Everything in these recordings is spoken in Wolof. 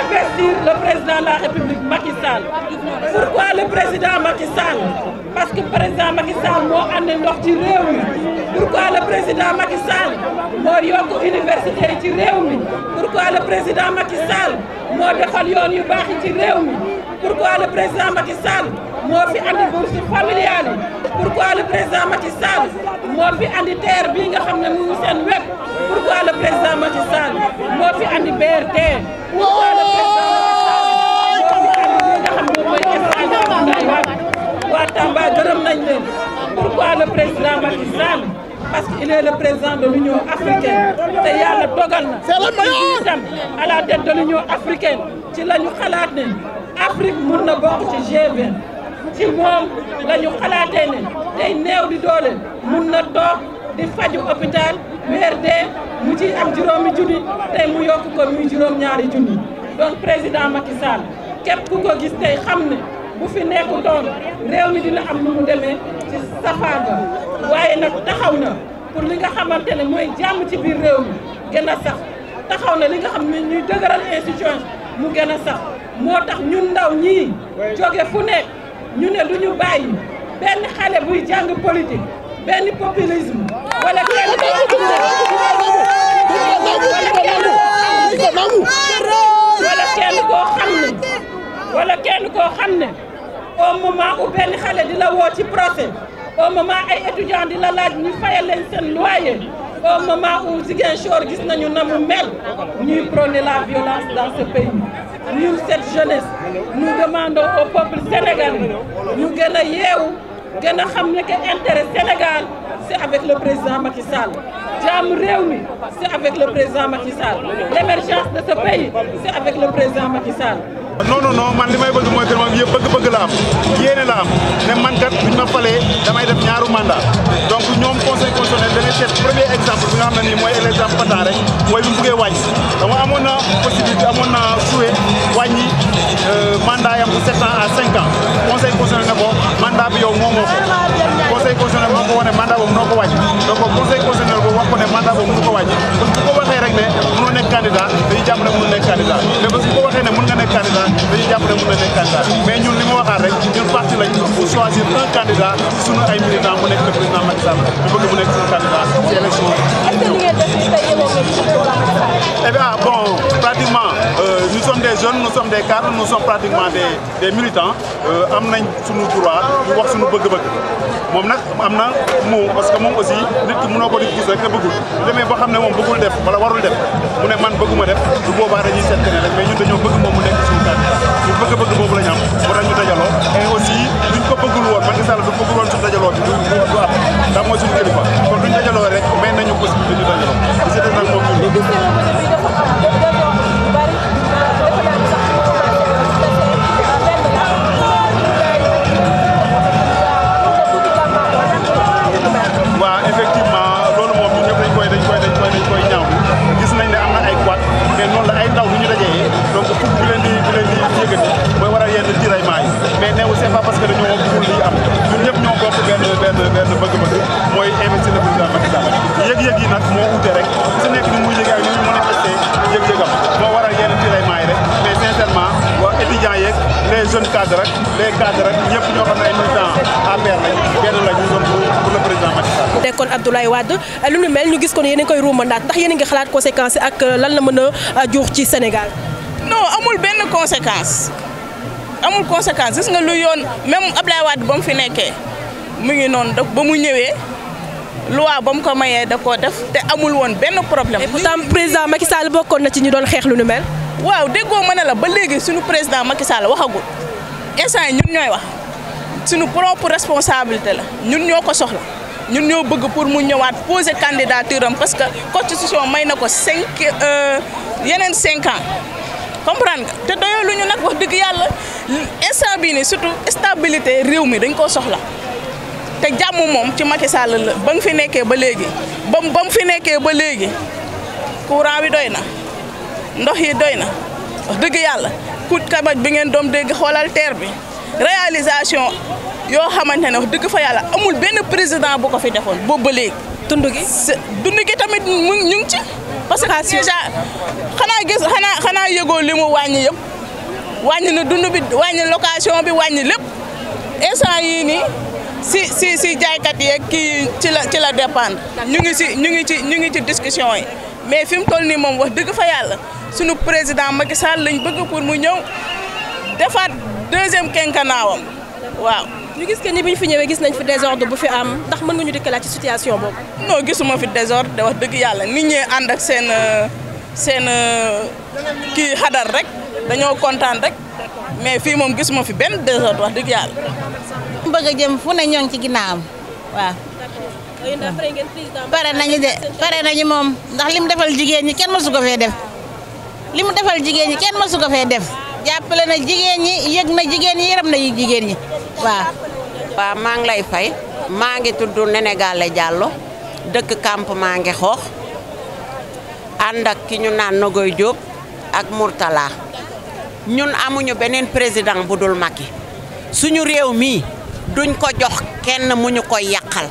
investir le président de la République Macky Sall pourquoi président Macky Sall président Macky Sall moo andi ndox ci réew mi pourquoi le président Macky moo yokk université ci réew mi pourquoi le président Macky moo defal yoon yu baax yi ci réew mi pourquoi le président Macky moo fi andi bourse familiale yi pourquoi le président Macky Sall moo fi andi terre bii nga xam ne mu ngi seen web pourquoi le président Macky Sall moo fi andi BRT pourquoi le président Macky Sall moo fi andi li nga xam ne mooy Abdoulaye Wade waa Tamba gërëm nañ leen pourquoi le président Macky te yàlla dogal na ci itam à la tête de ci la xalaat ne Afrique mun na bokk ci g ci moom la ñu xalaatee ne tey néew di doole mun na toog di faju hôpital weer dee mu ci am juróomi junni tey mu yokk ko ñaari junni donc président Macky Sall képp ku ko gis tey xam ne bu fi nekkutoon réew mi dina am lu mu demee ci safaaga waaye nag taxaw na pour li nga xamante ne mooy jàmm ci biir réew mi gën a sax taxaw na li nga xam ne ñuy dëgëral institution mu gën a sax moo tax ñun ndaw ñii jóge fu nekk ñu ne du ñu bàyyi benn xale buy jàng politique benn populisme wala kenn koo xam ne wala kenn koo xam ne wala kenn benn xale di la woo ci procès au ay étudiants di laaj ñu fayal leen seen loyer au moment où Ziguinchor gis nañu na mu mel ñuy prôner violence dans ce ñun cette jeunesse. nous demandons au peuple sénégalais ñu gën a yeewu gën a xam ne que Sénégal c' avec le président Macky Sall jàmm réew mi c' est avec le président Macky Sall l' émergence de ce pays c' est avec le président Macky Sall. man li may bëgg mooy que moom yëpp bëgg-bëgg la am yéene ne man kat buñ ma falee damay def ñaaru mandat donc ñoom conseil constitutionnel dañuy seet premier exemple bi nga xam ne nii mooy exemple Fata mooy bi mu buggee dama amoon na possibilité amoon na 7 ans à 5 ans conseil constitutionnel ne ko mandat bi yow moo moo ko conseil constitutionnel moo ko wane mandat boobu noo ko wàññi donc conseil constitutionnel boobu wax ko ne mandat boobu mënu ko wàññi parce que bu ko waxee rek ne mënoo nekk candidat dañuy jàpp ne mënul nekk candidat mais parce que bu ko waxee ne mën nga nekk candidat dañuy jàpp ne mën na nekk candidat mais ñun li ma waxaat rek ñun parti lañ pour choisir un candidat suñu ay militants mu nekk le président Macky Sall ñu bëgg mu nekk suñu candidat ci élection yi. est ce que li ngeen def tey yëgoo nga ci des jeunes nous sommes des cadres nous sommes pratiquement des des militants euh, am nañ suñu droit ñu wax suñu bëgg-bëgg moom nag am na moo parce que moom aussi nit ki mënoo ko di gis rek te bëggul demee boo xam ne moom bëggul def wala warul def mu ne man bëgguma def du boobaa dañuy seet keneen rek mais ñun dañoo bëgg moom mu nekk suñu cadre ñu bëgg-bëgg boobu la ñu am war nañu dajaloo et aussi duñ ko bëggul woon Macky Sall du bëggul woon suñu dajaloo bi du dajaloo rek may nañu possibilité ñu mais néew c'est pas parce que dañoo bëggul li am ñun ñëpp ñoo bokk benn benn benn bëgg-bëgg mooy investir le président Macky Sall yëg-yëg yi nag moo ute rek su nekk ni muy yëg ak ñu manifester yëg-yëgam moo waral yenn tiraillement yi rek mais sincèrement waa étudiants yeeg les jeunes cadres rek les cadres rek ñëpp ñoo xam ne ay militants APR lañ benn la ñu doon pour le président Macky Sall nekkoon Abdoulaye Wade lu ñu mel ñu gis ko ne yéen a koy ruumandaat ndax yéen a ngi xalaat conséquences ak lan la mën a juux ci Sénégal non amul benn conséquence amul conséquence gis nga lu yoon même Ablaye Wade ba mu fi nekkee mu ngi noonu da ba mu ñëwee lu loi ba mu ko mayee da koo def te amul woon benn problème. pourtant président Macky Sall bokkoon na ci ñu doon xeex lu nu mel. waaw déggoo ma ne la ba léegi suñu président Macky Sall waxagul instant yi ñun ñooy wax suñu propre responsabilité la ñun ñoo ko soxla ñun ñoo bëgg pour mu ñëwaat poser candidature am parce que constitution may na ko cinq euh, yeneen cinq ans. comprendre nga te doyoo lu ñu nag wax dëgg yàlla instant bii nii surtout réew mi dañ koo soxla te jàmm moom ci Macky Sall la ba fi nekkee ba léegi bam ba fi nekkee ba léegi courant bi doy na ndox yi doy na dëgg yàlla kut kabaj bi ngeen doom dégg xoolal terre bi réalisation yoo xamante ne wax dëgg fa yàlla amul benn président bu ko fi defoon boobu ba léegi. dund gi dund gi tamit mu ci. parce que déjà xanaa gis xanaa xanaa yëgoo wàññi yëpp wàññi na dund bi wàññi location bi wàññi lépp instant yii nii si si si jaaykat yeeg kii ci la ci la dépendre ñu ngi si ñu ngi ci ñu ngi ci discussion yi mais fi mu toll nii moom wax dëgg fa yàlla suñu président Macky Sall lañ bëgg pour mu ñëw defaat deuxième quinquennat waaw ñu gis que ni bu ñu fi ñëwee gis nañ fi désordre bu fi am ndax mën nga ñu dikkalaat ci situation boobu. non gisuma fi désordre de wax dëgg yàlla nit ñi ànd ak seen seen kii xadar rek dañoo kontaan rek mais fii moom gisuma fi benn désordre wax dëgg yàlla. bëgg a jëm fu ne ñoo ngi ci ginnaawam waaw. pare nañu de pare nañu moom ndax li mu defal jigéen ñi kenn mësu ko fee def li mu defal jigéen ñi kenn mësu ko fee def jàppale na jigéen ñi yëg na jigéen ñi yërëm na jigéen ñi. waaw maa ngi lay fay maa ngi tudd Néné Galle dëkk dëkk maa ngi xoox ànd ak ki ñu naan Nogoy Diop ak Mourtala ñun amuñu beneen président bu dul mag yi suñu réew mii duñ ko jox kenn mu ñu koy yàqal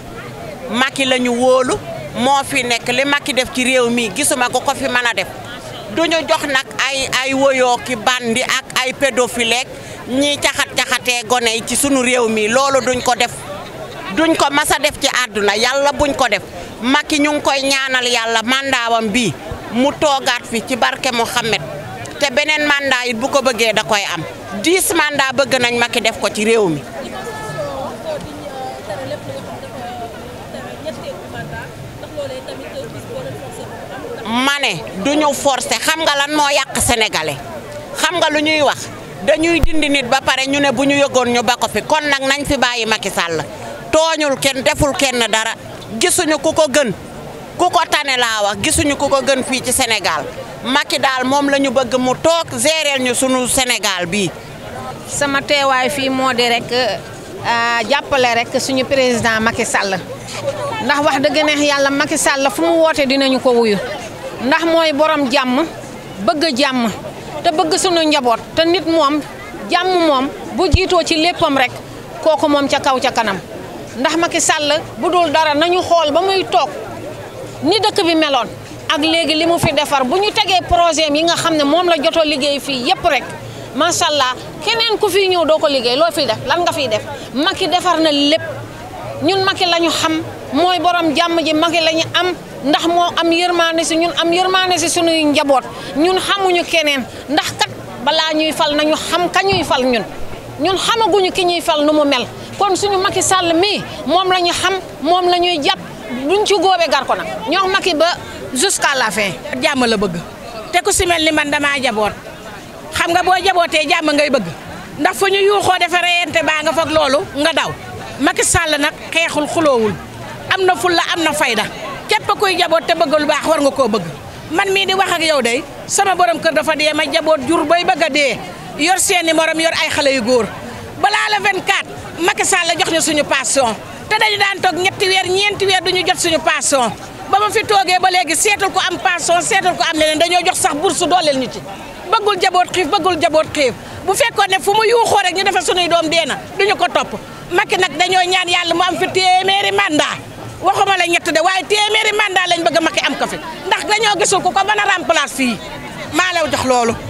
Macky la ñu wóolu moo fi nekk li Macky def ci réew mii gisuma ko ko fi mën a def duñu jox nag ay ay woyoo bandi ak ay pédophile ñii caxat caxate gone yi ci sunu réew mi loolu duñ ko def duñ ko mas a def ci àdduna yàlla buñ ko def Macky ñu ngi koy ñaanal yàlla mandaawam bi mu toogaat fi ci barke Mohamed te beneen mandat it bu ko bëggee da koy am dix mandat bëgg nañ Macky def ko ci réew mi ma ne duñu forcé xam nga lan moo yàq sénégalais xam nga lu ñuy wax dañuy dindi nit ba pare ñu ne bu ñu yogoon ñu ba fi kon nag nañ fi bàyyi Macky Sall tooñul kenn deful kenn dara gisuñu ku ko gën ku ko tane laa wax gisuñu ku ko gën fii ci Sénégal Macky daal moom la ñu bëgg mu toog géréel ñu sunu Sénégal bii. sama teewaay fii moo di rek euh, jàppale rek suñu président Macky Sall ndax wax dëgg neex yàlla Macky Sall fu mu woote dinañu ko wuyu ndax mooy borom jàmm bëgg jàmm. te bëgg sunu njaboot te nit moom jàmm moom bu jiitoo ci léppam rek kooku moom ca kaw ca kanam ndax Macky sàll bu dul dara nañu xool ba muy toog ni dëkk bi meloon ak léegi li mu fi defar bu ñu tegee projet yi nga xam ne moom la jotoo liggéey fii yépp rek macha allah keneen ku fi ñëw doo ko liggéey loo fiy def lan nga fiy def Macky defar na lépp ñun Macky lañu xam. mooy borom jàmm ji magi lañu am ndax moo am yërmaane si ñun am yërmaane si sunuy njaboot ñun xamuñu keneen ndax kat balaa ñuy fal nañu xam ka fal ñun ñun xamaguñu ki ñuy fal nu mu mel kon suñu Macky Sall mii moom lañu ñu xam moom la ñuy jàpp duñ ci góobee gar ko nag ñoo Macky ba jusqu'à la jàmm la bëgg te ku si mel ni man damaa jaboot xam nga boo jabootee jàmm ngay bëgg ndax fu ñu yuuxoo dafa reyante baa nga foog loolu nga daw Macky Sall nag xeexul xuloowul am na fulla am na fayda képp kuy jaboot te bëgg baax war nga koo bëgg man mii di wax ak yow day sama borom kër dafa dee ma jaboot jur bay bëgg a dee yor seeni morom yor ay xale yu góor balaa la 24 Macky Sall la jox ñu suñu pension te dañu daan toog ñetti weer ñeenti weer duñu jot suñu pension ba ma fi toogee ba léegi seetul ko am pension seetul ko am ne leneen dañoo jox sax bourse dooleel ñu ci bëggul jaboot xiif bëggul jaboot xiif bu fekkoon ne fu mu yuuxoo rek ñu defe suñuy doom dee na duñu ko topp Macky nag dañoo ñaan yàlla mu am fi téeméeri waxuma la ñett de waaye téeméeri mandat lañ bëgg a Macky am ko fi ndax dañoo gisul ku ko mën a remplacer fii maa law jox loolu